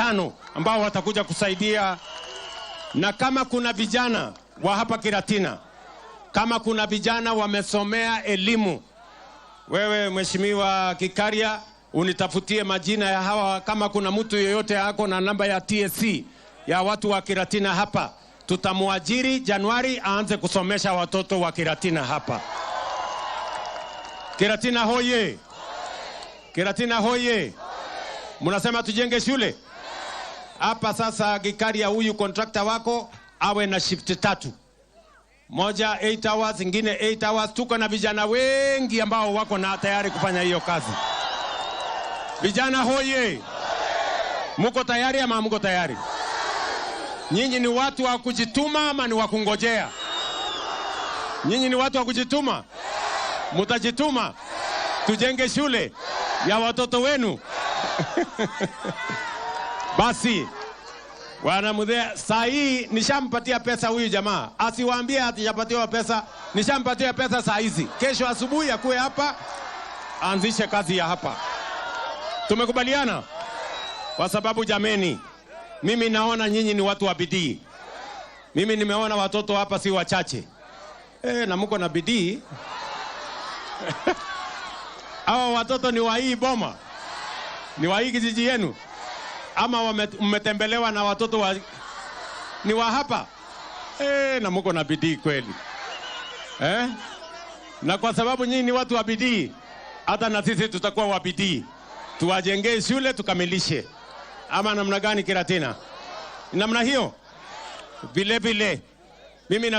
tano ambao watakuja kusaidia, na kama kuna vijana wa hapa Kiratina, kama kuna vijana wamesomea elimu, wewe Mheshimiwa Kikaria unitafutie majina ya hawa. Kama kuna mtu yeyote ako na namba ya TSC ya watu wa Kiratina hapa, tutamwajiri Januari aanze kusomesha watoto wa Kiratina hapa. Kiratina hoye! Kiratina hoye! Mnasema tujenge shule hapa sasa gikari ya huyu kontrakta wako awe na shift tatu, moja 8 hours, ingine 8 hours. Tuko na vijana wengi ambao wako na tayari kufanya hiyo kazi. Vijana hoye, muko tayari ama muko tayari? Nyinyi ni watu wa kujituma ama ni wa kungojea? Nyinyi ni watu wa kujituma, mutajituma, tujenge shule ya watoto wenu. Basi wanamudhea saa hii nishampatia pesa huyu jamaa, asiwaambie hatijapatiwa pesa. Nishampatia pesa saa hizi, kesho asubuhi akuwe hapa aanzishe kazi ya hapa. Tumekubaliana? Kwa sababu jameni, mimi naona nyinyi ni watu wa bidii. Mimi nimeona watoto hapa si wachache e, na muko na bidii hawa watoto ni wa hii boma, ni wa hii kijiji yenu ama mmetembelewa na watoto wa, ni wa hapa e, na muko na bidii kweli eh? Na kwa sababu nyinyi ni watu wa bidii, hata na sisi tutakuwa wa bidii, tuwajengee shule tukamilishe, ama namna gani? Kiratina namna hiyo vile vile mimi